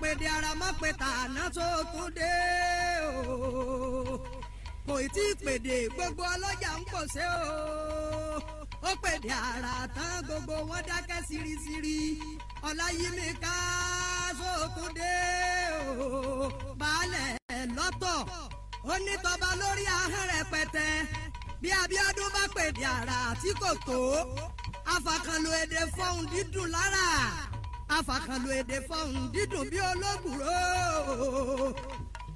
pèdè ara má pè tàná tó tún dé o kò tí ì pèdè gbogbo ọlọ́jà ń pò ṣe o ó pèdè ara tán gbogbo wọn dákẹ́ sírísírí ọláyímíká tó tún dé o baálẹ̀ lọ́tọ̀ ó ní tọba lórí ahọ́n rẹpẹtẹ bí Abíọ́dún bá pèdè ara tí kò tó afakànlò èdè fọhùn dídùn lára afàkànlò èdè fọhùn dídùn bí ológùrò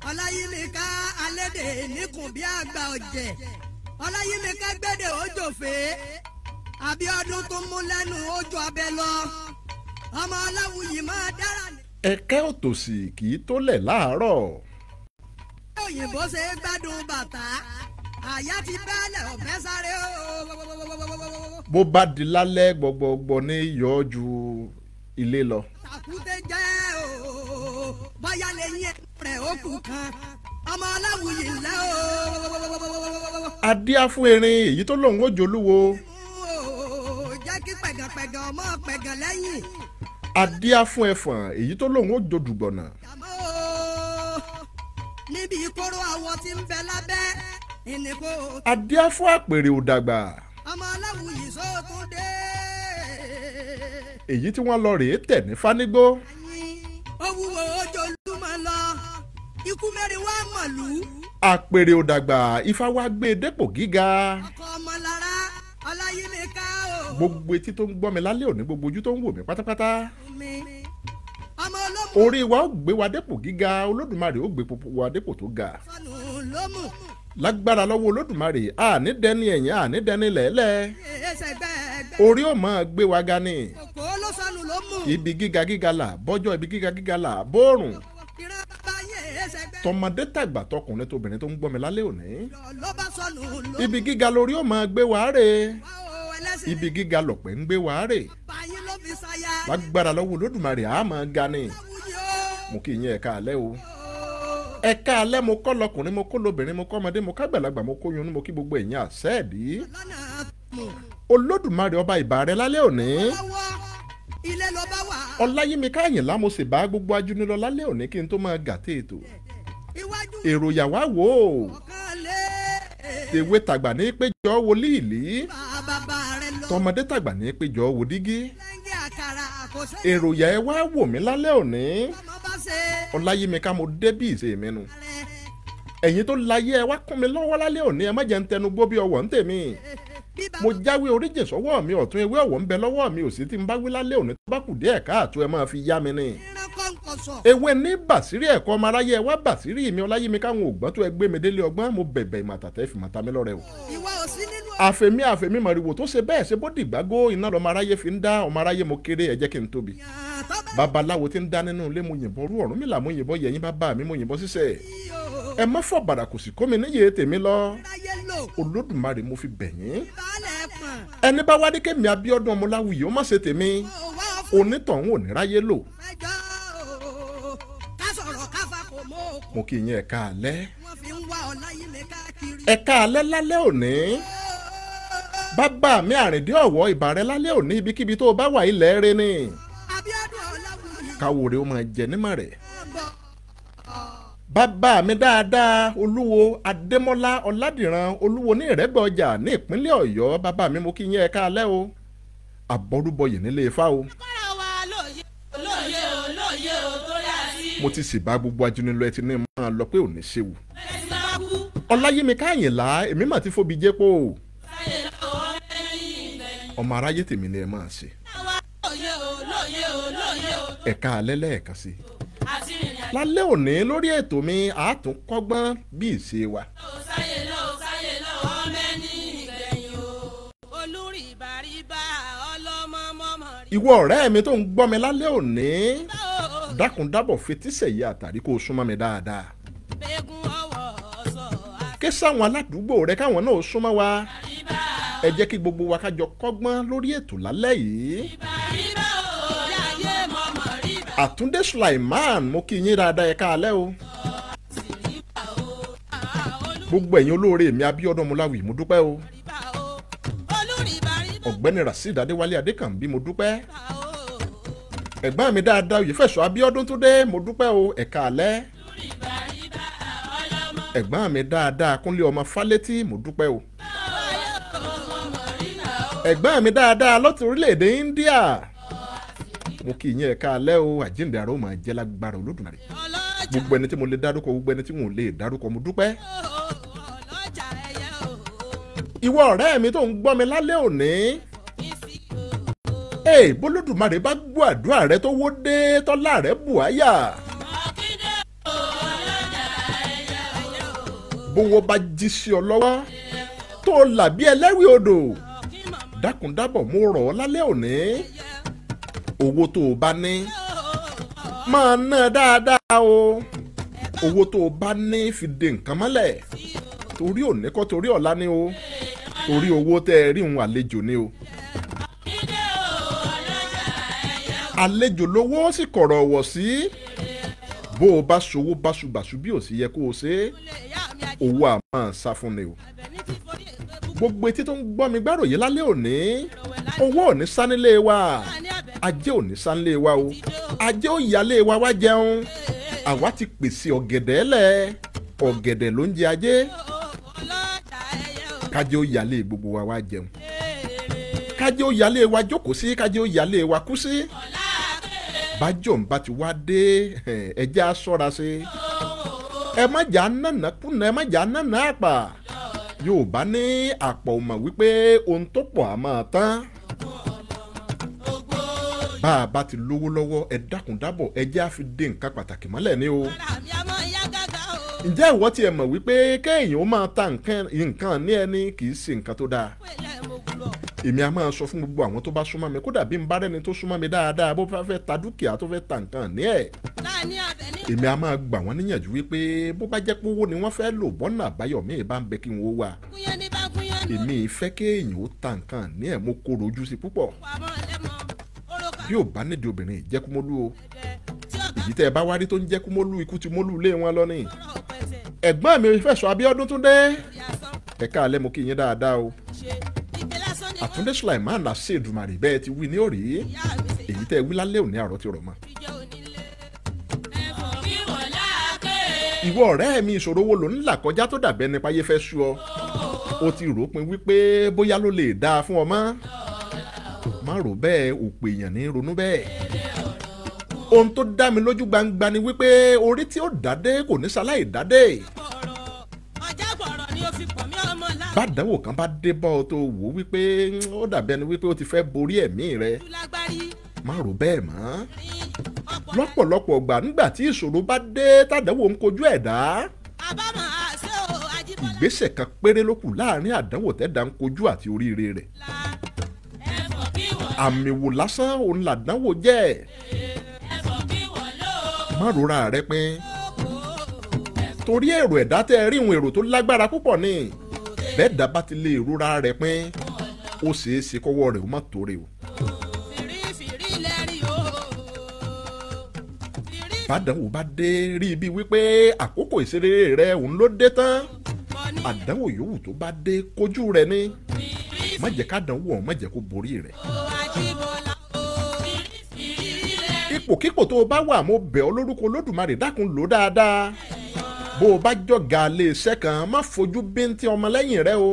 ọláyímíká alédè níkùn bí àgbà ọ̀jẹ̀ ọláyímíká gbédè ojòfé àbíọ́dún tó mú lẹ́nu ojú abẹ lọ ọmọ ọláwùyí máa dára. ẹ̀kẹ́ òtòṣì kì í tólẹ̀ láàárọ̀. òyìnbó ṣe é gbádùn bàtà àyà ti bẹ́ẹ̀lẹ̀ ọ̀fẹ́ sáré o. bó bá di lálẹ́ gbọ̀gbọ̀gbọ̀ ní yọjú ilé lọ. tàkúté jẹ́ o báyà lẹ́yìn rẹ̀ ó kù kan ọmọ aláwùyí lẹ́ o. adíá fún erin èyí tó lòun ó jolúwo. jẹ́ kí pẹ̀gàpẹ̀gà ọmọ pẹ̀gà lẹ́yìn. adíá fún ẹfọ̀n èyí tó lòun ó jodùgbọ̀nà. níbi ìkóró àwọ̀ tí ń bẹ lábẹ́ ìnìkó. adíá fún àpèrè òdàgbà. ọmọ aláwùyí sóòtún dé èyí tí wọ́n lọ rèé tẹ̀ ní fánigbó. ó wúwo ojú olúmọ lọ ikú mẹ́rin wá mọ̀lú. àpèrè òdàgbà ifá wá gbé e dépò gíga. ọkọ ọmọ lára ọláyímẹ̀ká o. gbogbo etí tó ń gbọ́ mi lálẹ́ òní gbogbo ojú tó ń wò mí pátápátá. ọmọ olómù. orí wa ó gbé wa dépò gíga olódùmarè ó gbé wa dépò tó ga. sọnù lágbára lọ́wọ́ olódùmarè àní dẹni ẹ̀yìn àní dẹni lẹ́lẹ́ orí ò mọ̀ gbé wa ga ni ibi gíga gíga là bọ́jọ́ ibi gíga gíga là bóòrùn tọmọdé tàgbà tọkùnrin tóbìnrin tó ń gbọ́ mi lálẹ́ òní ibi gíga lórí ó máa gbé wàá rè ibi gíga lọ̀pẹ̀ ń gbé wàá rè lágbára lọ́wọ́ olódùmarè á máa ga ni mo kì í yín ẹ̀ka alẹ́ o ẹ̀ka alẹ́ mo kọ́ lọkùnrin mo kó lobìnrin mo kọ́ ọmọdé mo ká gbàlagbà mo kó yunú mo kí gbogbo èèyàn àṣẹ́ẹ̀dí olódùmarè ọba ìbà rẹ òní ilé ló bá wà. ọláyímíká àyìnlá mo sì bá gbogbo ajúnilọ lálẹ́ òní kí n tó máa gà téètò èrò yàwá wò ó tèwe tàgbà ní péjọ wo líìlí tọmọdé tàgbà ní péjọ wo dígí èrò yà ẹ wá wò mí lálẹ́ òní ọláyímíká mo débì ìṣe mi nu ẹ̀yin tó láyé ẹ wá kún mi lọ́wọ́ lálẹ́ òní ẹ má jẹ́ ń tẹnu gbó bí ọwọ́ ń tèmi mo jáwé oríjì sọ́wọ́ mi ọ̀tún ewé ọ̀wọ́ ń bẹ lọ́wọ́ mi òsì tí ń bá wí lálẹ́ òní tó bá kù díẹ̀ káàtó ẹ máa fi yá mi ni. ewé ní bàṣírí ẹ̀kọ́ ọmọ aráyé ẹ wá bàṣírí mi ọláyémi káwọn ògbọ́n tó ẹ gbé mi délé ọgbọ́n mo bẹ̀bẹ̀ ìmọ̀tàtẹ́ ìfìmọ̀ta mi lọ́rẹ́ o. àfẹ̀mí àfẹ̀mí màrìwò tó ṣe bẹ́ẹ̀ ṣe bó dìgbàgó iná lọ́mọ aráyé mo kéré ẹ mo yìnbọn rú mo yìnbọn yẹ̀yìn bàbá mi ẹ má fọ bàrà kò sì kó mi níyè tèmi lọ olódùmarè mo fi bẹ̀ yín ẹni bá wá dékè mi Abíọ́dún Ọmọláwuyì ó má ṣe tèmi onítọ̀hún ò ní ráyé lò mo kì í yín ẹ̀ka alẹ́ ẹ̀ka alẹ́ lálẹ́ òní bàbá mi àrìndí ọ̀wọ́ ìbàrẹ́ lálẹ́ òní ibikíbi tó o bá wà ilẹ̀ rẹ ni káwòrè ó máa jẹ nímọ̀ rẹ̀ bàbá mi dáadáa olúwo adémọ́lá ọládìran olúwo ní ìrẹ́gbẹ́ ọjà ní ìpínlẹ̀ ọ̀yọ́ bàbá mi mo kí yín ẹ káalẹ́ o àbọ̀rúbọyè nílé ifá o. mo ti sì bá gbogbo ajínilọ ẹtì ní máa lọ pé ò ní ṣe wù. ọláyémíká àyìnlá èmi mà ti fóbi jẹ́ pò ó. ọmọ aráyé tèmi ni ẹ máa ṣe. ẹ̀ka alẹ́ lẹ́ẹ̀kan sí i lálẹ́ òní lórí ètò mi àtúnkọ́gbọ́n bí ìṣe wa. ó sáyé lọ ó sáyé lọ ọmọ ẹni ìgbẹ̀yìn o olórí ìwọ ọ̀rẹ́ mi tó ń gbọ́ mi lálẹ́ òní dákúndábọ̀ fetísẹ̀yẹ àtàrí kó o súnmọ́ mi dáadáa. ké sáwọn aládùúgbò rẹ káwọn náà súnmọ́ wa ẹ jẹ́ kí gbogbo wa ká kọ́gbọ́n lórí ètò lálẹ́ yìí. Àtúndé Sulaiman mo kí yín dáadáa ẹ̀ka alẹ́ o. gbogbo ẹ̀yin olóore mi Abíọ́dún Ọmọláwì mo dúpẹ́ o. ọ̀gbẹ́ni Rasheed Adéwálé Adékànbí mo dúpẹ́. ẹ̀gbọ́n mi dáadáa Oyèfẹ̀sọ́ Abíọ́dún tó dé mo dúpẹ́ o ẹ̀ka alẹ́. ẹ̀gbọ́n mi dáadáa Kúnlé ọmọ Fálétí mo dúpẹ́ o. ẹ̀gbọ́n mi dáadáa lọ́tún orílẹ̀-èdè India mo kí ìyẹn ẹ̀ka alẹ́ o àjíǹde àrò máa jẹ́ lágbára olódùmarè gbogbo ẹni tí mo lè dárúkọ gbogbo ẹni tí mo lè dárúkọ mo dúpẹ́ ìwọ ọ̀rẹ́ mi tó ń gbọ́ mi lálẹ́ òní ee bólódùmarè bá gbọ́ àdúrà rẹ tó wó dé tọ́lá rẹ bùháyà. bówó bá jí sí ọ lọ́wọ́ tó làbí ẹlẹ́rìí odò dákúndábọ̀ mo rọ̀ ọ́ lálẹ́ òní owó tó o bá ní máa ná dáadáa o owó tó o bá ní fi de nǹkan mọ́lẹ̀ torí òní kọ́ torí ọ̀la ni o torí owó tẹ́ ẹ rí òun àlejò ni o. àlejò lówó sì kọ̀rọ̀ ọ̀wọ̀ sí bó o bá ṣòwò báṣubàṣu bí ò sì yẹ kó o ṣe é owó a máa sá fún ni o. gbogbo etí tó ń gbọ́ mi gbáròyé lálẹ́ òní owó ò sá nílé wa ajé ò ní sánlé wa o ajé ò yálé wa wá jẹun àwa ti pèsè ọ̀gẹ̀dẹ̀ lẹ̀ ọ̀gẹ̀dẹ̀ ló ń jẹ ajé kájé ó yálé gbogbo wa wá jẹun kájé ó yálé wa jókòó sí kájé ó yálé wa kú sí bájọ̀ ń bá ti wá dé ẹjẹ́ á sọ́ra sí ẹ má jà nánà kùnà ẹ má jà nánà àpà Yorùbá ní àpọ̀ ò wípé ohun tó pọ̀ á tán bá a bá ti lówó lọ́wọ́ ẹ dákun dábọ̀ ẹ jẹ́ àfi nǹkan pàtàkì mọ́lẹ̀ ni o. ǹjẹ́ ìwọ tiẹ̀ mọ̀ wípé kéèyàn ó máa ta nǹkan ní ẹni kì í ṣe nǹkan tó dáa èmi a máa sọ fún gbogbo àwọn tó bá súnmọ́ mi kódà bí n bá rẹ́ni tó súnmọ́ mi dáadáa bó fẹ́ fẹ́ ta dúkìá tó fẹ́ ta nǹkan ní ẹ̀. èmi a máa gbà wọ́n níyànjú wípé bó bá jẹ́ pówó ni wọ́n fẹ́ lò bọ́nà àbáyọ mi ìbá èmi ìfẹ́ kéèyàn ó ta nǹkan ní ẹ̀ mo kóró ojú sí púpọ̀ bí ò bá nídìí obìnrin jẹ́ kú mólú o èyí tẹ́ ẹ bá wárí tó ń jẹ́ kú mólú ikú ti mólú ilé wọn lọ nìyí ẹ̀gbọ́n mi Fẹ́ṣọ Abíọ́dún tún dé ẹ̀ka alẹ́ mo kí yín dáadáa o Àtúndé Sulaiman làṣẹ Èdùmàrè bẹ́ẹ̀ ti wí ní òrí èyí tẹ́ ẹ wí lálẹ́ òní àrọ́ ti rọ̀ mọ́. ìwọ ọ̀rẹ́ mi ìṣòro wo ló ń là kọjá tó dàbẹ́ nípa ayé fẹ́ sú ọ o ti rò ó pin wípé bóyá ló lè dáa fún ọ mọ́ má rò bẹ́ẹ̀ òpè èèyàn ní ronú bẹ́ẹ̀ ohun tó dá mi lójú gbangba ni wípé orí tí ó dádé kò ní ṣaláì dádé bádànwò kan bá dé bọ́ ọ tó wò wípé ó dàbí ẹni wípé ó ti fẹ́ borí ẹ̀mí rẹ má rò bẹ́ẹ̀ mọ́ lọ́pọ̀lọpọ̀ ọgbà nígbà tí ìṣòro bá dé tàdánwò ń kojú ẹ̀dá ìgbésẹ̀ kan péré ló kù láàrin àdánwò tẹ́dá ń kojú àti oríire rẹ̀ àmì wò lásán òun làdánwò jẹ́ má rora rẹ pín torí èrò ẹ̀dá tẹ́ rí ìwọ̀n èrò tó lágbára púpọ̀ ni bẹ́ẹ̀ dábàá ti lè rora rẹ pín ó ṣeé ṣe kọ́wọ́ rẹ̀ ó má torí o. bàdánwò bá dé rí ibi wípé àkókò ìṣeré rẹ òun ló dé tán àdánwò yòówù tó bá dé kojú rẹ ni má jẹ́ ká dánwò ọ̀hún má jẹ́ kó borí rẹ̀. ipòkípò tó o bá wà mo bẹ̀ ọ́ lórúkọ olódùmarè dákun lò dáadáa bó o bá jọ̀gá lé iṣẹ́ kan má fojú bíntín ọmọlẹ́yìn rẹ o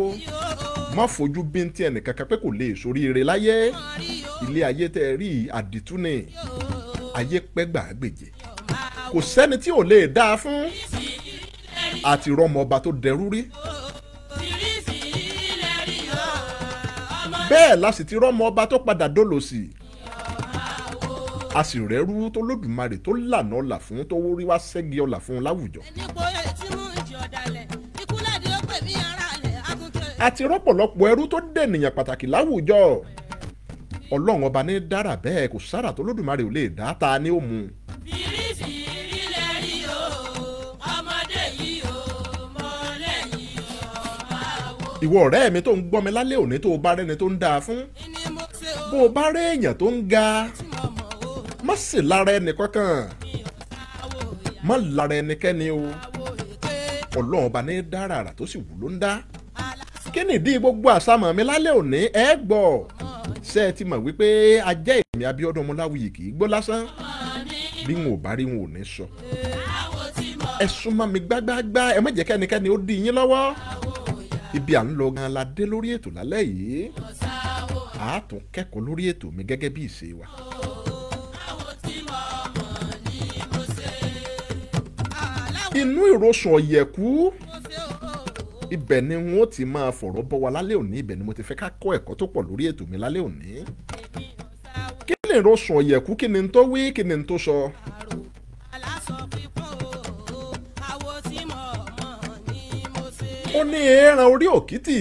má fojú bíntín ẹnìkankan pé kò lè ṣoríire láyé ilé ayé tẹ́ ẹ rí àdìtú ni ayé pẹ́ gbàgbèjè kò sẹ́ni tí ò lè dáa fún àti rọmọ ọba tó dẹrú rí. bẹ́ẹ̀ la sì ti rọmọ ọba tó padà dólòsì. Si a sì rẹ́rú tó lódùmarè tó lànà ọ̀là fún tó wórí wá ṣẹ́gi ọ̀là fún láwùjọ. àti rọ́pọ̀lọpọ̀ ẹrú tó dènìyàn pàtàkì láwùjọ ọlọ́run ọba ní dára bẹ́ẹ̀ kò sára tó lódùmarè ò lè dá ta ni ó mu. fìrífìrí lè rí ìwọ ọ̀rẹ́ mi tó ń gbọ́ mi lálẹ́ òní tó o bá rẹ́ni tó ń dáa fún bó o bá rẹ́ èèyàn tó ń ga má sì lára ẹnìkankan má lára ẹnikẹ́ni o ọlọ́run ọba ní dára àrà tó sì wù ló ń dá kí nìdí gbogbo àsámọ̀ mi lálẹ́ òní ẹ gbọ́ ṣé ẹ ti mọ̀ wípé ajẹ́ ìmì Abíọ́dún Ọmọláwuyì kì í gbó lásán bí wọn ò bá rí wọn ò ní sọ ẹ súnmọ́ mi gbágbáágbá ẹ má jẹ́ kẹ́nikẹ́ni ó dí yín lọ́wọ́ ibi à ń lọ gan la dé lórí ètò lálẹ́ yìí àá tún kẹ́kọ̀ọ́ lórí ètò mi gẹ́gẹ́ bí ìṣe wa. inú ìrosùn ọ̀yẹ̀kú ibẹ̀ ni wọ́n ti máa fọ̀rọ̀ bọ́ wa lálẹ́ òní ibẹ̀ ni mo ti fẹ́ ká kọ́ ẹ̀kọ́ tó pọ̀ lórí ètò mi lálẹ́ òní kí ni ìrosùn ọ̀yẹ̀kú kí ni n tó wí kí ni n tó sọ. ó ní ẹran orí òkìtì.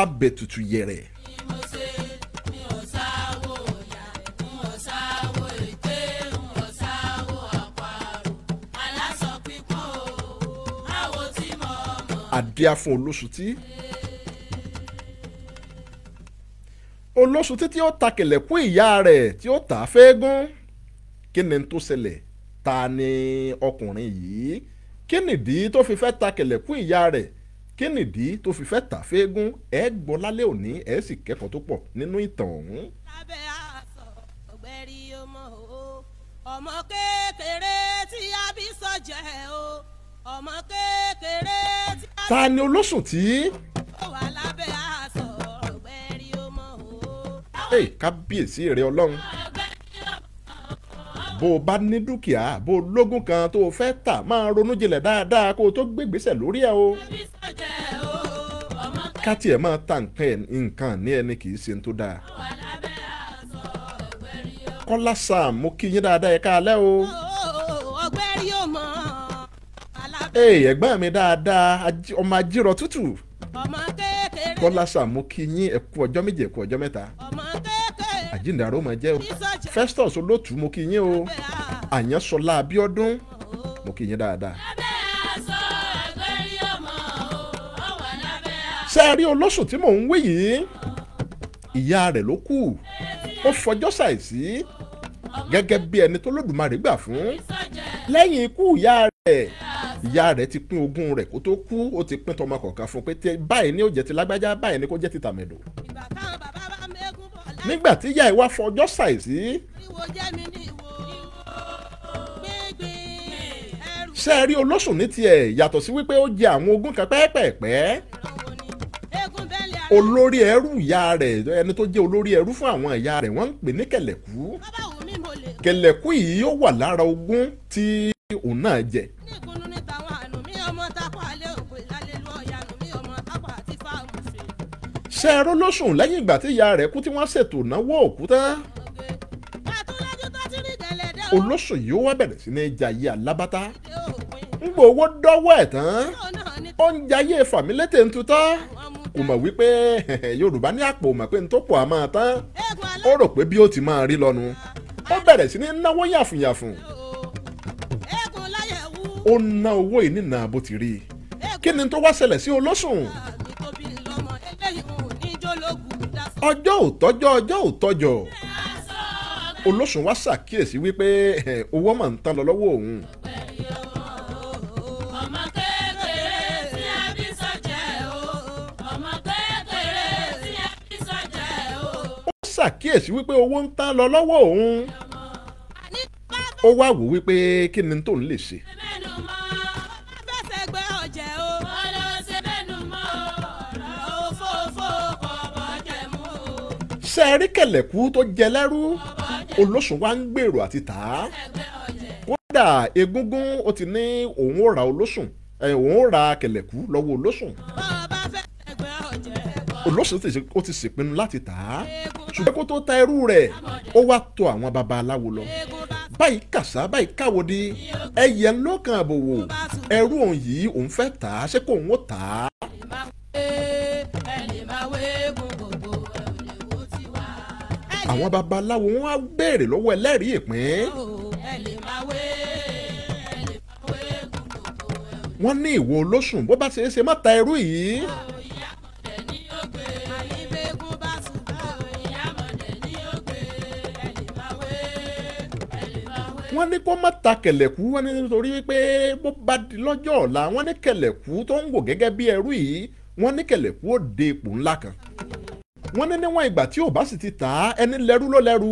abẹ̀tùtù yẹ̀rẹ̀. àdíáfún Olóṣùtí Olóṣùtí tí O ta kẹ̀lẹ̀kùn ìyá rẹ̀ tí ó tà á fẹ́ẹ́gún kí ni tó ta ni ọkùnrin yìí kí nìdí tó fi fẹ́ ta kẹ̀lẹ̀kùn ìyá rẹ̀ kí di to fi fẹ́ tà fẹ́ẹ́gún ẹ gbọ́ lálẹ́ òní ẹ sì kẹ́kọ̀ọ́ tó pọ̀ nínú ìtàn ọ̀hún. lábẹ́ aṣọ ọ̀gbẹ́rì ọmọ o ọmọ kékeré tí a bí sọ jẹ́ o ọmọ kékeré tí a. ta ni olóṣùn tí. ó wà lábẹ́ aṣọ ọ̀gbẹ́rì ọmọ o. ee kábíyèsí rẹ ọlọ́run bó o bá ní dúkìá bó o lógún kan tó o fẹ́ tà máa ronú jinlẹ̀ dáadáa kó o tó gbégbèsè lórí ẹ o. ká tiẹ̀ máa ta nǹkan ní ẹni kì í ṣe tó dáa. kọ́lá Sam mo kí yín dáadáa ẹ̀ka alẹ́ o. Oh. ee ẹ̀gbọ́n mi dáadáa ọmọ ajírọ̀ tútù kọ́lá sàmú kí yín ẹ ọjọ́ méje ẹ kú ọjọ́ mẹ́ta o Festus olótù mo kí o àyànṣọlá Abíọ́dún mo kí yín dáadáa. ṣé olóṣù tí mò ń wí yìí ìyá rẹ̀ ló kù ó fọjọ́ ṣàìsí gẹ́gẹ́ bí ẹni tó lódùmarè gbà fún ìyá rẹ̀ ti pín ogún rẹ̀ kó tó kú ó ti pín tọmọ kọ̀ọ̀kan fún pé báyìí ni ó jẹ́ ti lágbájá báyìí ni kó jẹ́ ti tàmẹ̀dò. nígbà tí ìyá ẹ̀ wá fọjọ́ ṣàìsí. ṣé ẹ rí olóṣùn ní tiẹ̀ yàtọ̀ sí wípé ó jẹ àwọn ogún kan pẹ́ẹ́pẹ́ẹ́pẹ́ olórí ẹrú ìyá rẹ̀ ẹni tó jẹ́ olórí ẹrú fún àwọn ìyá rẹ̀ wọ́n ń pè ní kẹ̀lẹ̀kú kẹ̀lẹ̀kú yìí ó wà lára ogún tí òun náà jẹ ìkùnnú níta wọn àánú ṣe. lẹ́yìn ìgbà tí ìyá rẹ̀ kú tí wọ́n ṣètò náwó òkúta olóṣù yìí ó bẹ̀rẹ̀ sí ní jayé alábátá ń owó dọ́wọ́ ẹ̀ tán ó ń jayé fàmílétè ń kò mọ̀ yorùbá ní àpò mọ̀ ti máa rí lọ́nu ó bẹ̀rẹ̀ sí ní náwó ó ná owó yìí nínà bó ti rí i kí ni tó wá ṣẹlẹ̀ sí olóṣùn. ọjọ́ òtọ́jọ́ ọjọ́ òtọ́jọ́ olóṣùn wá ṣàkíyèsí wípé owó máa ń tán lọ lọ́wọ́ òun. ṣàkíyèsí wípé owó ń tán lọ lọ́wọ́ òun ó wá wò wípé kí ni tó ń lè ṣe. iṣẹ́ erékẹ̀lẹ̀kú tó jẹ lẹ́rú olóṣùn wa ń gbèrò àti tà á kódà egúngún ó ti ní òun ó ra olóṣùn òun ó ra kẹ̀lẹ̀kú lọ́wọ́ olóṣùn olóṣùn ó ti ṣèpinnu láti tà á ṣùgbọ́n kó tó ta irú rẹ̀ ó wá tọ̀ àwọn babaláwo lọ báyìí kàṣá báyìí káwòdì ẹyẹ lọ́kàn àbòwò ẹrú òun yìí òun fẹ́ tà á ṣé kò ń ó tà á àwọn babaláwo wọn á béèrè lọ́wọ́ ẹlẹ́rìí ìpín. wọ́n ní ìwo olóṣùn bó bá ṣe é ṣe má ta ẹrú yìí. wọ́n ní kó má ta kẹ̀lẹ̀kú wọ́n ní nítorí wípé bó bá di lọ́jọ́ ọ̀la wọ́n ní kẹ̀lẹ̀kú tó ń wò gẹ́gẹ́ bí ẹrú yìí wọ́n ní kẹ̀lẹ̀kú ó de ipò ńlá kan wọ́n ní níwọ̀n ìgbà tí ò bá sì ti tà á ẹni lẹ́rú ló lẹ́rú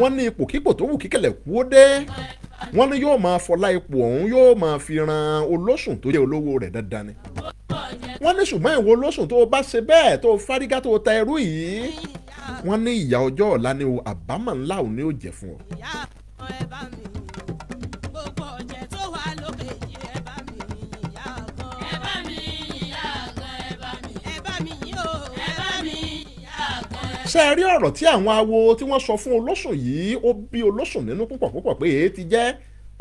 wọ́n ní ipòkípò tó wù kíkẹ̀lẹ̀ kú ó dé wọ́n ní yóò máa fọlá ipò ọ̀hún yóò máa fi ran olóṣùn tó jẹ́ olówó rẹ̀ dandan ni wọ́n ní ṣùgbọ́n ìwọ olóṣùn tó o bá ṣe bẹ́ẹ̀ tó o fárígá tó o ta ẹrú yìí wọ́n ní ìyà ọjọ́ ọ̀la ni o àbámọ̀ ńlá ò ní ò jẹ́ fún ọ. ṣe é rí ọ̀rọ̀ tí àwọn awo tí wọ́n sọ fún olóṣùn yìí ó bí olóṣùn nínú púpọ̀ púpọ̀ pé èé ti jẹ́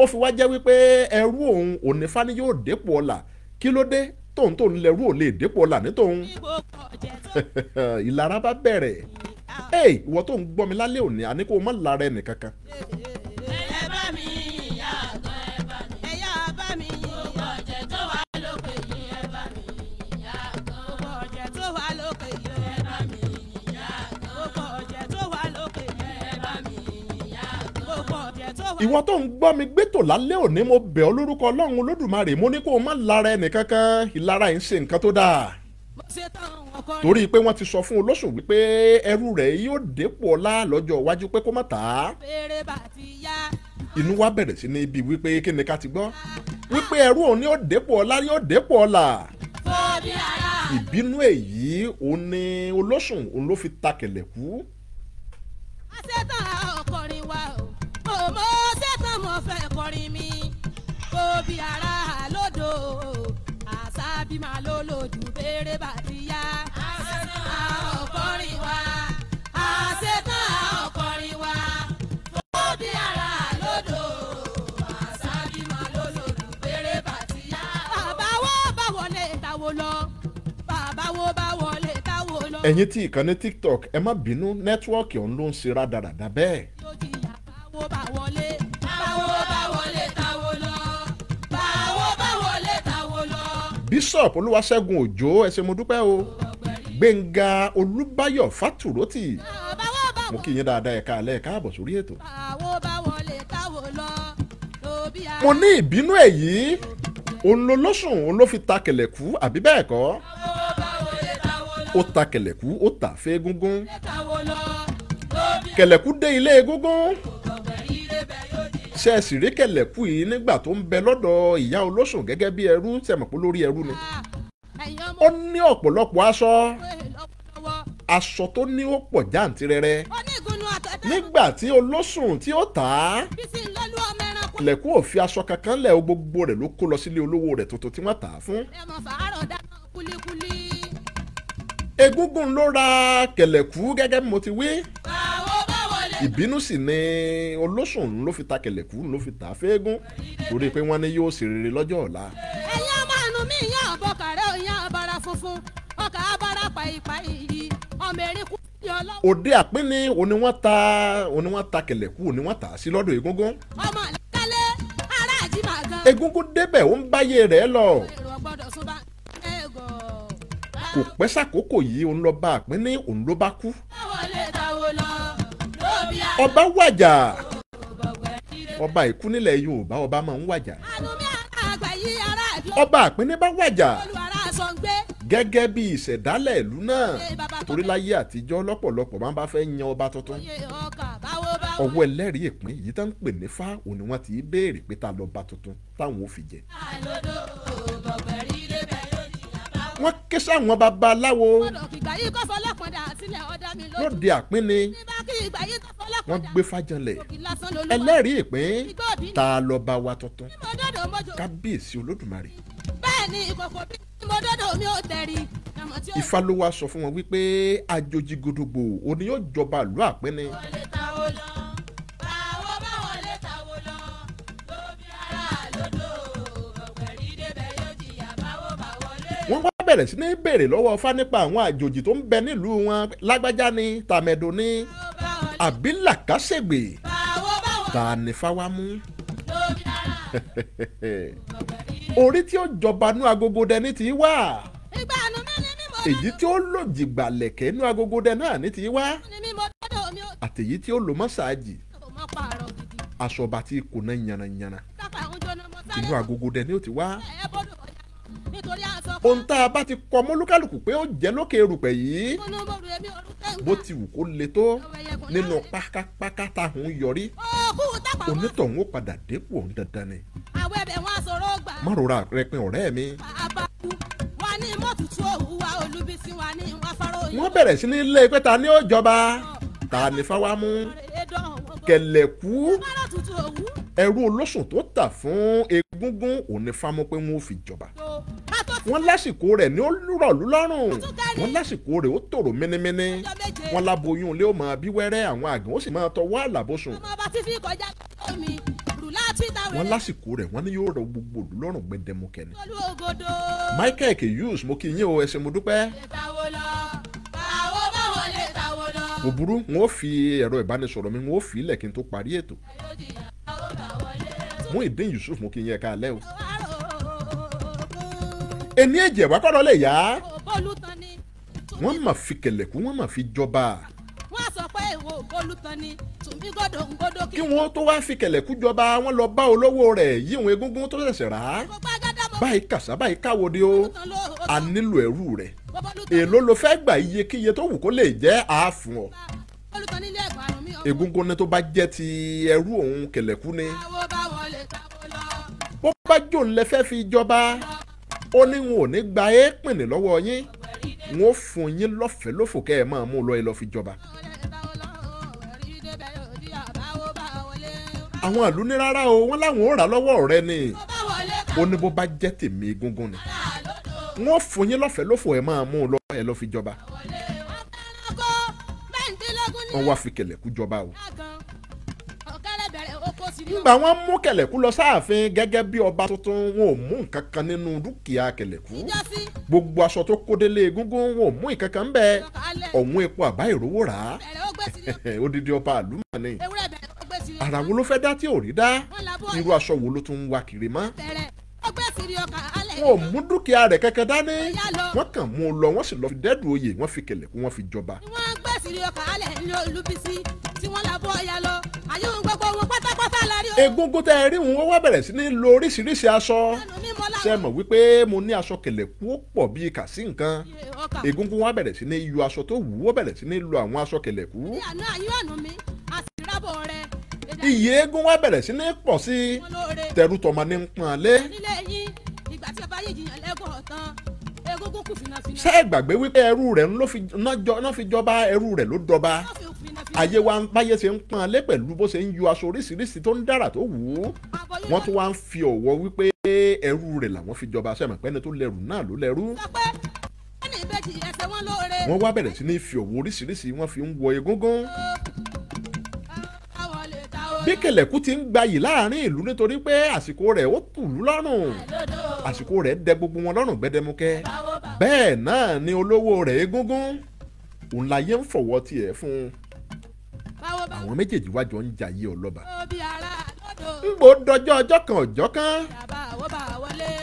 ó fi wá jẹ́ wípé ẹrú òun ònífání yóò dépò ọlà kí ló dé tóun tóun lẹrú ò lè dépò ọlà nítòun ìlara bá bẹ̀rẹ̀ ìwọ tó gbọ́ mi lálẹ́ òní àní kó lára ẹnì kankan ìwọ tó ń gbọ́ mi gbẹ́tò lálẹ́ òní mo bẹ̀ ọ́ lórúkọ ọlọ́run olódùmarè mo ní kó o má lara ẹnìkankan ìlara ẹ̀ ń ṣe nǹkan tó dáa torí pé wọ́n ti sọ fún olóṣù wípé ẹrú rẹ̀ yóò dépò ọlá lọ́jọ́ iwájú pé kó má tà á inú wa bẹ̀rẹ̀ sí ní ibi wípé kí ni ká ti gbọ́ wípé ẹrú òní yóò dépò ọlá yóò dépò ọlá ìbínú èyí òun olóṣù òun ló fi ta kẹ̀lẹ̀ kú. fi máa lò lòdù béèrè bá ti yá. àṣetán a ò lò lòdù béèrè bá ti yá. wo bá wọlé wo bá wọlé táwo lọ. ẹ̀yin tí ìkànnì tiktok ẹ má bínú nẹ́tíwọ́ọ̀kì ọ̀hún ló ń ṣe rádaràda bẹ́ẹ̀. bíṣọ̀pù olúwaṣẹ́gun òjó ẹ ṣé mo dúpẹ́ o gbẹ̀ngà olúbáyọ̀ fàtúrótì mo kí yín dáadáa ẹ̀ka alẹ́ ẹ̀ka àbọ̀ sórí ètò. mo ní ìbínú èyí òun ló lóṣùn òun ló fi ta kẹlẹ̀kú àbí bẹ́ẹ̀ kọ́ ó ta kẹlẹ̀kú ó ta fẹ́ gúngún kẹlẹ̀kú dé ilé gúngún ṣe ṣìrékẹ̀lẹ̀ kù yìí nígbà tó ń bẹ lọ́dọ̀ ìyá olóṣùn gẹ́gẹ́ bí ẹrú sẹ̀mọ̀pọ̀ lórí ẹrú ni. ó ní ọ̀pọ̀lọpọ̀ aṣọ aṣọ tó ní ó pọ̀ jáǹtirẹrẹ nígbà tí olóṣùn tí ó tà á lẹ̀kùn ò fi aṣọ kankan lẹ̀ o gbogbo rẹ̀ ló kó lọ sílé olówó rẹ̀ tuntun tí wọ́n tà á fún. egúngún ló ra kẹ̀lẹ̀kú gẹ́gẹ́ bí mo ti wí ìbínú sì ni olóṣùn ló fi ta kẹlẹ̀kú ló fi ta fẹ́ẹ́gún torí pé wọ́n ní yóò sì rere lọ́jọ́ ọ̀la. ẹ̀yin ọmọ àánú mi ìyá ọ̀bọ̀kàrẹ́ ìyá ọ̀bàrà funfun ọkà abara pàìpàì yìí ọmọ èrè kú. òde àpínní òní wọ́n ta òní wọ́n ta kẹlẹ̀kú òní wọ́n tà sí lọ́dọ̀ egungun. ọmọ àlẹ́ ará àjìmá gan. egungun débẹ̀ ó ń báyé rẹ̀ lọ. kò pẹ́ sàkókò yìí òun lọ bá àpínní òun ló bá kú ọba wàjà ọba ìkú nílẹ̀ yorùbá ọba máa ń wàjà ọba àpínní bá wàjà gẹ́gẹ́ bí ìṣẹ̀dálẹ̀ ìlú náà torí láyé àtijọ́ lọ́pọ̀lọpọ̀ máa ń bá fẹ́ yan ọba tuntun ọwọ́ ẹlẹ́rìí ìpín yìí tá ń pè ní fá òun ni ti béèrè pé ta lọ́ba tuntun táwọn ò fi jẹ. wọ́n ké sáwọn babaláwo. wọ́n lọ kìgbà yìí kọ́ fọlá lóde àpínni wọ́n gbé fájànlẹ̀ ẹlẹ́rìí ìpín ta lọ bá wa tuntun kábíyèsí olódùmarè. bẹ́ẹ̀ni ìkòkò bí mo dọdọ mi ò tẹrí. ifá ló wá sọ fún wọn wípé àjòjì gòdògbò òní yóò jọba ìlú àpínni. wọlé bẹ̀rẹ̀ sí ní béèrè lọ́wọ́ Ifá nípa àwọn àjòjì tó ń bẹ nílùú wọn lágbájá ní tàmẹ̀dò ta ni fáwa mú. orí tí ó jọba nú agogo dẹni ti wá èyí tí ó lòdì gbàlẹ̀kẹ́ nú agogo dẹ náà ní ti wá àtèyí tí ó lò mọ́ ṣáàjì aṣọba tí kò ná yànnàyànnà inú agogo dẹ ni ó ti wá ohun tá a bá ti kọ mọ́lúkálùkù pé ó jẹ́ lókè erùpẹ̀ yìí bó ti wù kó le tó nínú pákápáká tá a hùn yọrí onítọ̀hún ó padà dépò ọ̀hún dandan ni. àwọn ẹbẹ̀ má rora rẹ pin ọ̀rẹ́ mi. wọ́n bẹ̀rẹ̀ sí ní ilé pé ta ni ó jọba ta ni fáwa kẹlẹ̀kú ẹrú olóṣùn tó tà fún egúngún òun ni Fámúpé wọn ò fi jọba wọn lásìkò rẹ̀ ni ó rọ̀lú lọ́rùn wọn lásìkò rẹ̀ ó tòrò mínímíní wọn laboyún ilé ó máa bí wẹ́rẹ́ àwọn àgàn ó sì máa tọwọ́ àlàbòsùn wọn lásìkò rẹ̀ wọn ni yóò rọ gbogbo òdú lọ́rùn gbẹdẹmukẹ ni Michael Keyus mo kí yín o ẹ mo dúpẹ́ kò wọn ò fi ẹ̀rọ ìbánisọ̀rọ̀ mi wọn ò fi ilẹ̀ kí n tó parí ètò. Muyideen Yusuf mú kí n yẹ ká lẹ́ o. ẹni ẹ̀jẹ̀ wá kọ́rọ̀ lè yá. wọ́n mà fi kẹ̀lẹ̀kùn wọ́n mà fi jọba. wọ́n sọ pé ìwọ olùtàn ni tùmí gbọ́dọ̀ ń gbọ́dọ̀ kí. kí wọ́n tó wá fi kẹ̀lẹ̀kùn jọba wọ́n lọ bá olówó rẹ̀ yíwọn egúngún tó ṣẹ̀ṣẹ̀ rà. báyìí kàṣà báyìí káwọ́de o a nílò ẹrú rẹ̀ èló ló fẹ́ gbà iyekíye tó wù kó lè jẹ́ àáfùn ọ. egungun ni tó bá jẹ́ ti ẹrú òun kẹ̀lẹ̀kùn ni bó bá jò lẹ fẹ́ fi jọba ó ní wọn ò ní gba éèpìnì lọ́wọ́ yín wọn ò fún yín lọ́fẹ̀ẹ́ lófò kẹ́ ẹ máa mú lọ ẹ lọ fi jọba. àwọn ìlú ní rárá o wọn láwọn ò rà lọ́wọ́ rẹ ni ó ní bó bá jẹ́ tèmi egungun ni wọn ò fún yín lọ́fẹ̀ẹ́ lófò ẹ máa mú lọ ẹ lọ fi jọba. wọn wá fi kẹlẹ̀ kú jọba o ngbà wọn mú kẹlẹ̀kú lọ sáàfin gẹ́gẹ́ bí ọba tuntun wọn ò mú nǹkan kan nínú dúkìá kẹlẹ̀kú gbogbo aṣọ tó kó délé egungun wọn ò mú nǹkan kan bẹ́ẹ̀ ọ̀hún epo àbá ìrówó rà á odidi ọba àlùmọ̀ ni ara wo ló fẹ́ dá tí ò rí dá irú aṣọ wo ló tún ń wá kiri mọ́ wọn ò mú dúkìá rẹ̀ kẹ́kẹ́ dání wọ́n kàn mú un lọ wọ́n sì lọ fi dẹ́dù oyè wọ́n fi kẹlẹ̀kú wọ́n fi jọba. wọ́n gbèsè ọkà alẹ̀ ńlọ olùbísí tí wọ́n làbọ̀ ọ̀yà lọ àyẹ̀wò gbogbo wọn pátápátá la rí o. egungun tẹ ẹ rí òun ó wá bẹ̀rẹ̀ sí ní lo oríṣiríṣi aṣọ ṣe mọ̀ wípé mo ní aṣọ kẹlẹ̀kú ó pọ̀ bíi kà sí nǹkan egungun wá bẹ̀rẹ̀ sí ní yọ aṣọ tó wù ó bẹ̀rẹ̀ sí ní lo àwọn aṣọ kẹlẹ̀kú. iye eégún wá bẹ̀rẹ̀ sí ní pọ̀ sí tẹrú tọmọ ní pọ́n lé. nílé yín ìgbà tí bàbá yìí jiyàn gbàgbé wípé ẹrú rẹ̀ ló fi jọba ẹrú rẹ̀ ló dọba ayé wa ń báyé ṣe ń pọ́n alẹ́ pẹ̀lú bó ṣe ń yọ aṣọ oríṣiríṣi tó ń dára tó wù ú wọ́n tún wá ń fi ọ̀wọ́ wípé ẹrú rẹ̀ làwọn fi jọba sẹ́mọ̀ pẹ́ni tó lẹ́rù náà ló lẹ́rú wọ́n wá bẹ̀rẹ̀ sí ní fi ọ̀wọ́ oríṣiríṣi wọ́n fi ń wọ egúngún bí kẹlẹ̀kú ti ń gbayì láàrin ìlú nítorí pé àsìkò rẹ̀ ó kùlú lọ́rùn àsìkò rẹ̀ dẹ gbogbo wọn lọ́rùn gbẹdẹmukẹ́ bẹ́ẹ̀ náà ni olówó rẹ̀ egúngún òun láyé ń fọ̀wọ́ tiẹ̀ fún un àwọn méjèèjì wájọ ń jayé ọlọ́ba. ń bò dọjọ́ ọjọ́ kan ọjọ́ kan.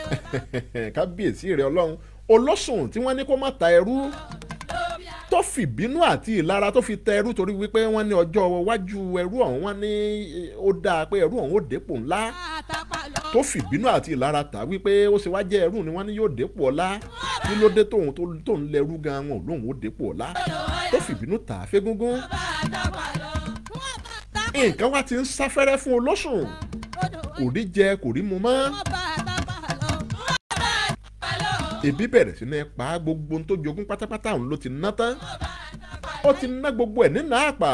kábíyèsí rẹ ọlọ́run olóṣùn tí wọ́n ní kó má ta ẹrú tó fìbínú àti ìlara tó fi tẹ ẹrú torí wípé wọ́n ní ọjọ́ iwájú ẹrú ọ̀hún wọ́n ní eh, ó dáa pé ẹrú ọ̀hún ó dépò ńlá tó fìbínú àti ìlara tà wípé ó ṣe wá jẹ́ ẹrú ni wọ́n ní yóò dépò ọlá kí ló dé tóun tó ń lẹrú gan wọn ò lóun ó dépò ọlá tó fìbínú tà á fégúngún nǹkan wá ti ń sáfẹ́rẹ́ fún olóṣùn kò rí jẹ kò rí mu mọ́. ebi bẹ̀rẹ̀ sí ní pa gbogbo tó jogún pátápátá òun ló ti ná tán ó ti ná gbogbo ẹ̀ nínú àpà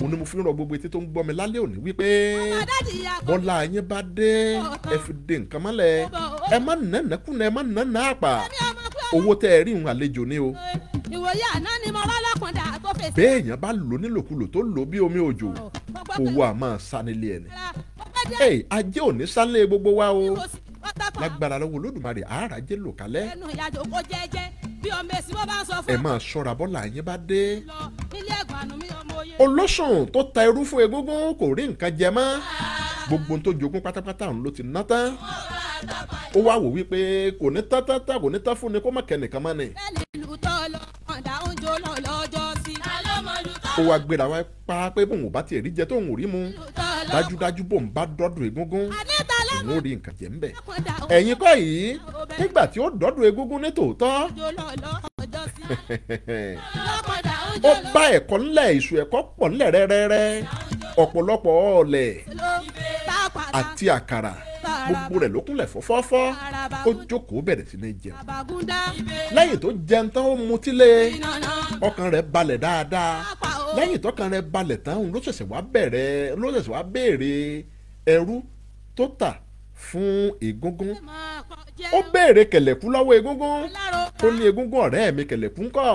òun ni mo fi ń rọ gbogbo etí tó ń gbọ́ mi lálẹ́ òní wípé bọ́lá yín bá dé ẹ fi de nǹkan mọ́lẹ̀ ẹ má nànà kùnà ẹ má nànà àpà owó tẹ́ ẹ rí ìhun àlejò ni o béèyàn bá lò nílòkulò tó lò bí omi òjò oh, owó a máa sanilé ẹni ajé ò ní sálé gbogbo wa o lágbára lọ́wọ́ olódùmarè àárà jẹ́ lò kálẹ̀. ẹnu ìyá jòkó jẹ́jẹ́ bí ọmọ èsì bó bá ń sọ fún. ẹ máa ṣọ́ra bọ́lá yín bá dé. ilé ẹ̀gbọ́n olóṣùn tó ta irú fún egúngún kò rí nǹkan jẹ mọ́ ah. gbogbo tó jogún pátápátá ló ti ná tán ó wá wò wípé kò ní tán tán tán kò ní tán fún ni kó má kẹ́ nìkan mọ́ ni. ó wá gbéra wá pa pé bóun ò bá tiẹ̀ rí jẹ tóun ò rí mu dájúdájú bóun bá dọ́dún egúngún òun ò rí nǹkan jẹ ńbẹ. ẹ̀yin kọ́ yìí nígbà tí ó dọ́dún egúngún ní tòótọ́ ó bá ẹ̀kọ́ ńlẹ̀ ìṣù ẹ̀kọ́ pọ̀ ńlẹ̀ rẹ́rẹ́rẹ́ ọ̀pọ̀lọpọ̀ ọ̀ọ̀lẹ̀ àti àkàrà gbogbo rẹ̀ ló kúnlẹ̀ fọ́fọ́fọ́ ó jókòó bẹ̀rẹ̀ sí ní jẹun lẹ́yìn tó jẹun tán ó mutí lé ọkàn rẹ̀ balẹ̀ dáadáa lẹ́yìn tọ́kàn rẹ̀ balẹ̀ tán ló ṣẹ̀ṣẹ̀ wá bẹ̀rẹ̀ ló ṣẹ̀ṣẹ̀ wá béèrè ẹrú tó tà fún egungun ó béèrè kẹ̀lẹ̀kú lọ́wọ́ egungun ó ní egungun ọ̀rẹ́ mi kẹ̀lẹ̀kú ńkọ́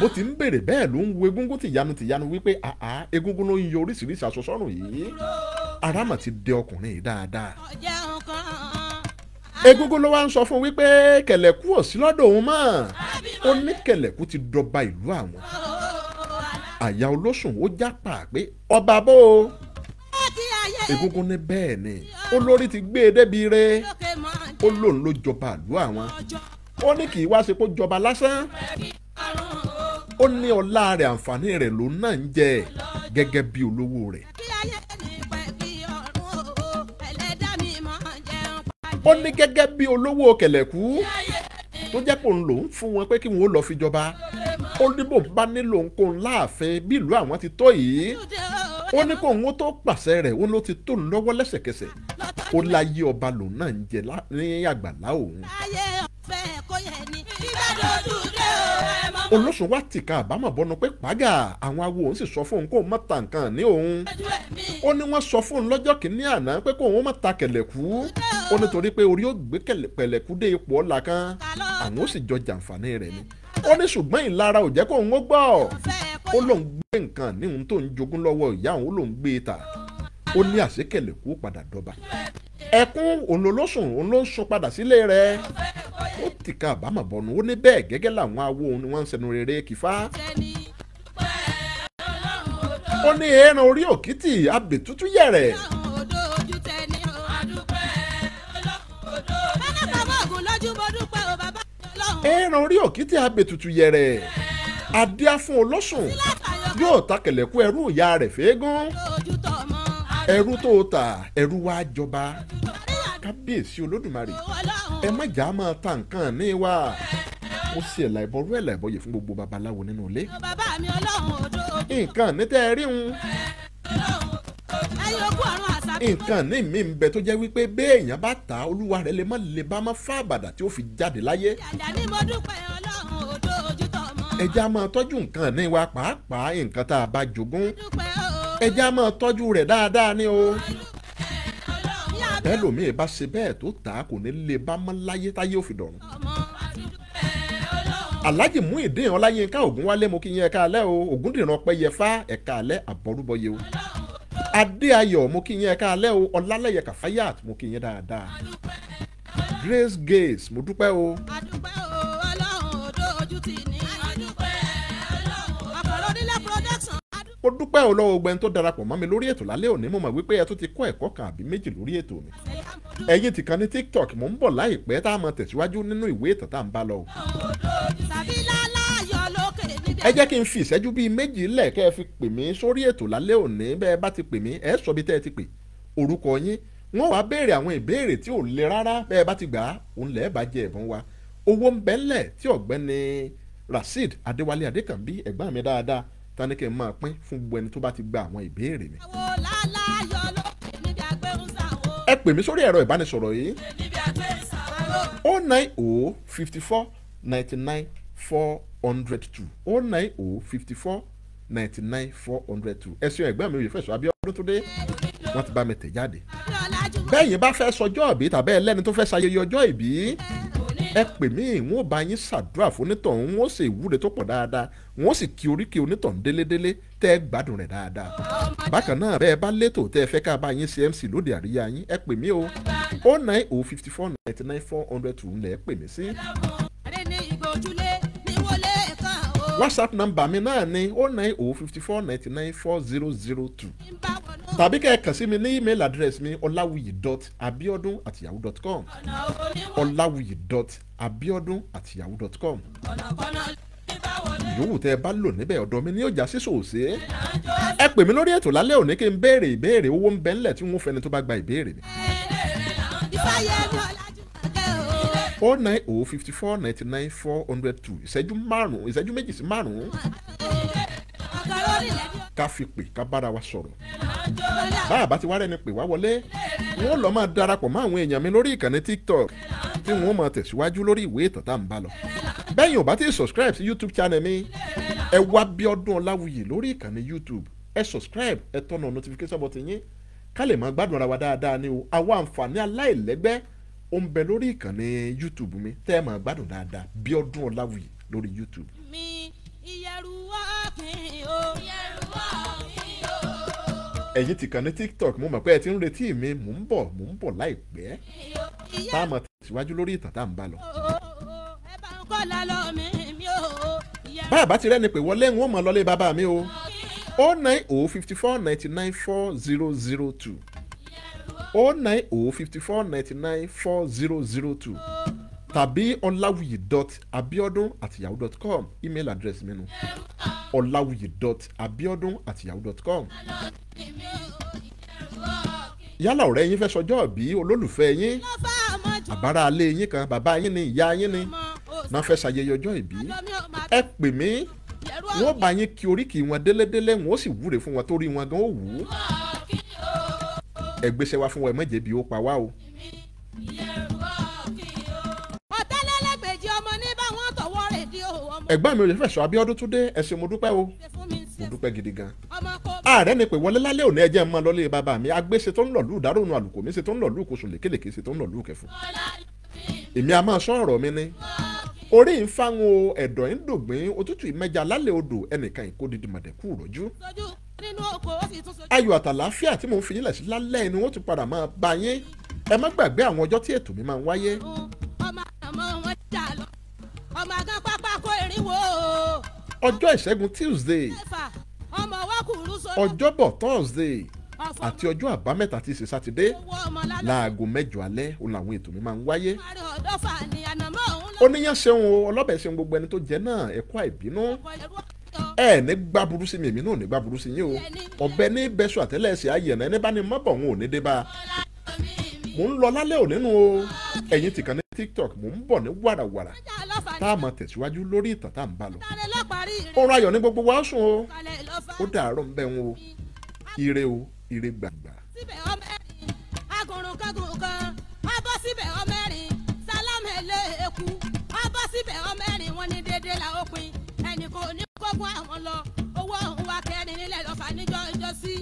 bó ti ń béèrè bẹ́ẹ̀ ló ń wo egungun tìyanu tìyanu wípé àá egungun ló ń yọ oríṣiríṣi aṣọ sọ́run yìí ara mà ti dẹ ọkùnrin yìí dáadáa. egungun ló wá ń sọ fún un wípé kẹlẹ̀kú ò lọ́dọ̀ òun mọ́ ó ní kẹlẹ̀kú ti dọba ìlú àwọn. àyà olóṣùn ó jápa pé ọba bó o egungun ní bẹ́ẹ̀ ni olórí ti gbé e débi re ó lóun ló jọba ìlú àwọn ó ní kì í wá ṣe kó jọba lásán ó ní ọlá rẹ̀ àǹfààní rẹ̀ lòun náà ń jẹ gẹ́gẹ́ bí olówó rẹ̀. ó ní gẹ́gẹ́ bí olówó kẹ̀lẹ̀kú tó jẹ́ kó ń lò ń fún wọn pé kí wọn ó lọ́ọ́ fi jọba ó ní bò bá nílò ń kó ń láàfin bí ìlú àwọn ti tó yìí ó ní kó ń tó pàṣẹ rẹ̀ ó ló ti tó ń lọ́wọ́ lẹ́sẹ̀kẹsẹ̀ ó láyé ọba lòun náà ń jẹ ní àgbàlá òun fẹ́ kó yẹ ni ìgbàdójú dé o. àbámọ̀ bọ́nu pé pàgà àwọn awo òun sì sọ fún kó má ta nǹkan ní òun ó ní wọ́n sọ fún lọ́jọ́ kìíní àná pé kó òun má ta ó nítorí pé orí ó gbé dé ipò ọ̀la kan àwọn ó sì jọ jàǹfààní rẹ̀ ni ó ní ṣùgbọ́n ìlara ò jẹ́ kó òun ó gbọ́ ó to gbé nǹkan tó ń jogún lọ́wọ́ ìyá òun ó gbé e ẹkún òun ló lóṣùn òun ló ń sun padà sílé rẹ̀ ó tìka àbámọ̀ bọ̀nu ó ní bẹ́ẹ̀ gẹ́gẹ́ làwọn awo òun ni wọ́n ń sẹnu rere kìfá ó ní ẹran orí òkìtì abètútù yẹ̀rẹ̀. ẹran orí òkìtì abètútù yẹ̀rẹ̀ adíá fún olóṣùn yóò ta kẹ̀lẹ̀kú ẹrú ìyá rẹ̀ fẹ́ẹ́gán ẹrú tó o tà ẹrú wa jọba kábíyèsí olódùmarè ẹ má jà á máa ta nǹkan ní wa ó sì ẹ̀là ìbọrú ẹ̀là ìbọyè fún gbogbo babaláwo nínú ilé nǹkan ní tẹ́ ẹ rí un nǹkan ní mi ń bẹ tó jẹ́ wípé béèyàn bá ta olúwa rẹ̀ lè má lè bá má fá àbàdà tí ó fi jáde láyé ẹja máa tọ́jú nǹkan ní wa pàápàá nǹkan tá a bá jogún ẹjẹ́ á máa tọ́jú rẹ̀ dáadáa ni o tẹ́lòmíì bá ṣe bẹ́ẹ̀ tó tà á kò ní lè bá mọ́ láyé táyé ò fi dọ̀run alhaji muhideen ọláyínká ògúnwálé mo kí yín ẹ̀ka alẹ́ o ògúndìran ọpẹ́yẹfà ẹ̀ka alẹ́ àbọ̀rúbọyé o adéayọ̀ mo kí yín ẹ̀ka alẹ́ o ọlálẹ́yẹ kàfáyàt mo kí yín dáadáa grace gates mo dúpẹ́ o. mo dúpẹ́ olówó gbẹ́ni tó darapọ̀ mọ́ mi lórí ètò lálẹ́ òní mo mọ̀ wípé ẹ tó ti kọ́ ẹ̀kọ́ kan àbí méjì lórí ètò mi ẹ̀yin ti kan ní tiktok mò ń bọ̀ láìpẹ́ tá a máa tẹ̀síwájú nínú ìwé ìtàn tá à ń bá lọ. ẹ jẹ́ kí n fi ìṣẹ́jú bíi méjì lẹ̀ kẹ́ ẹ fi pè mí sórí ètò lálẹ́ òní bẹ́ẹ̀ bá ti pè mí ẹ sọ bí tẹ́ ẹ ti pè orúkọ yín wọ́n wá béèrè àwọn ìbéèrè tí ò le rárá bẹ́ẹ̀ bá ti gbà òun lẹ́ẹ̀ bá jẹ ẹ̀bùn wa owó ń bẹ́ńlẹ̀ tí ọ̀gbẹ́ni Rasheed Adéwálé Adékànbí ẹ̀gbọ́n mi dáadáa tánikẹ́ máa pín fún gbogbo ẹni tó bá ti gba àwọn ìbéèrè mi. ẹ pè mí sórí ẹ̀rọ ìbánisọ̀rọ̀ yìí o oh nine o oh fifty four ninety nine four hundred two o oh nine o fifty four ninety nine four hundred two ẹ ṣeun ẹ̀gbọ́n mi ò yẹ fẹ̀sọ̀ Abíọ́dún tó dé wọ́n ti bá mi tẹ̀ jáde bẹ́ẹ̀ yín bá fẹ́ sọjọ́ ìbí tàbí ẹlẹ́ni tó fẹ́ ṣayẹyẹ ọjọ́ ìbí ẹ pè mí n ó bá yín ṣàdúrà fún onítọ̀hún n ó sì wúre tó pọ̀ dáadáa n ó sì kí oríkì onítọ̀hún délédélé tẹ́ ẹ gbádùn rẹ̀ dáadáa. bákan náà bẹ́ẹ̀ bá létò tẹ́ ẹ fẹ́ ká bá yín ṣe MC lóde àríyá yín ẹ pè mí o hundred 99 400 tùún lẹ́ẹ̀ pè mí sí whatsapp number mi náà ni o oh nine o oh fifty four ninety nine four zero zero two tàbí kẹ́ ẹ kàn sí mi ní email address mi ọláwùyí dot abiodun at yahoo dot com ọláwùyí dot abiodun at yahoo dot com yòówù tẹ́ ẹ bá lò níbẹ̀ ọ̀dọ̀ mi ní ọjà sísò ṣe é ẹ pè mí lórí ètò lálẹ́ òní kí n béèrè ìbéèrè owó ń bẹ tí wọ́n fẹ́ni tó bá gba ìbéèrè mi oh nine oh fifty four ninety nine four hundred two ìṣẹ́jú márùn-ún ìṣẹ́jú méjì sí márùn-ún ká fi pè ká bára wa sọ̀rọ̀ báàbá ti wá rẹ́ni pè wá wọlé wọ́n lọ́ọ́ máa darapọ̀ mọ́ àwọn èèyàn mi lórí ìkànnì tiktok tí wọ́n máa tẹ̀síwájú lórí ìwé ìtàn tá à ń bá lọ bẹ́yìn ò bá ti subscribe sí youtube channel mi ẹ wá Bíọ́dún Ọláwuyì lórí ìkànnì youtube ẹ subscribe ẹ tọ́nà notification button yín ká lè máa gbádùn ara wa dáadáa ní o àwọn àǹfààní aláìlẹ́gbẹ́ ó ń bẹ lórí ìkànnì YouTube mi tẹ́ ẹ máa gbádùn dáadáa Bíọ́dún Ọláwuyì lórí YouTube. mi ìyẹ̀rù wá kí n o. ìyẹ̀rù wá kí n o. ẹ̀yin ti kàn ní TikTok mo mọ̀ pé ẹ ti ń retí mi mò ń bọ̀ mò ń bọ̀ láìpẹ́ tá a mọ̀ tẹ̀síwájú lórí ìtàn tá à ń bá lọ. ẹ bá ń kọ́ lálọ́ mi mi ò. bá ti rẹ́ni pé wọlé ń wọ́n mọ̀ lọ́lé bàbá mi o. o oh nine o oh fifty four ninety nine four zero zero two. 09054994002 tàbí ọláwùyí email address mi nu ọláwùyí dot abiodun at yahoo dot com yálà ọ̀rẹ́ yín fẹ́ sọjọ́ bí olólùfẹ́ yín àbára alẹ́ yín kan bàbá yín ni ìyá yín ni náà fẹ́ ṣàyẹyẹ ọjọ́ ìbí ẹ pè mí wọ́n bá yín kí oríkì wọn délédélé wọn ó sì wúre fún wọn torí wọn gan ó wù ú ẹgbẹ́sẹ̀ wá fún wa ẹ má jẹ́ bí ó pa wá o. ọ̀tẹ́lẹ́lẹ́gbẹ̀jì ọmọ ní báwọn tọwọ́ rẹ̀ di òwò ọmọ. ẹ̀gbọ́n mi ò lè fẹ̀sọ́ Abíọ́dún tún dé ẹ ṣé mo dúpẹ́ o mo dúpẹ́ gidi gan. ààrẹ ni pé wọlé lálẹ́ òní ẹjẹ́ ń mọ lọ́lé bàbá mi agbéṣe tó ń lọ lùú dárò nu àlùkò mi ṣe tó ń lọ lùú kóso lékelèké ṣe tó ń lọ lùú kẹfù. èmi a máa sọ ọ̀rọ̀ mi ni orí ń fáwọn ẹ̀dọ̀ ń dògbìn òtútù ìmẹ́ja lálẹ́ odò ẹnìkan ìkó didi mọ̀dẹ́kù rọ̀jú ayọ̀ àtàlàáfíà tí mò ń fi nílẹ̀ sí lálẹ́ inú wọn ti padà máa bá yín ẹ má gbàgbé àwọn ọjọ́ tí ètò mi máa ń wáyé. ọjọ́ ìṣẹ́gun tuesday ọjọ́bọ̀ thursday àti ọjọ́ àbámẹ́ta ti ṣe sátidé láago mẹ́jọ alẹ́ òun làwọn ètò mi máa ń wáyé. ó níyàn ọlọ́bẹ̀ ṣeun gbogbo ẹni tó jẹ náà ẹ̀kọ́ àìbínú ẹ ní gbá burú sí mi èmi náà ní gbá burú sí yín o ọ̀bẹ ní bẹ́sù àtẹ́lẹsẹ̀ ayẹ̀nà ẹni bá ní mọ́bọ̀ òun ò ní dé bá a. mò ń lọ lálẹ́ òní nu o ẹ̀yin tìkan ní tiktok mò ń bọ̀ ní wàràwàrà tá a máa tẹ̀síwájú lórí ìtàn tá à ń bá lọ. ọ̀rọ̀ ayọ̀ ní gbogbo wa sùn o ó dàárọ̀ ń bẹ̀ wọn o ire o ire gbàgbà. síbẹ̀ ọmọ ẹ̀ kógun àwọn lọ owó òun wa kẹrin nílẹ̀ lọ́fà níjọ́ ìjọ sí.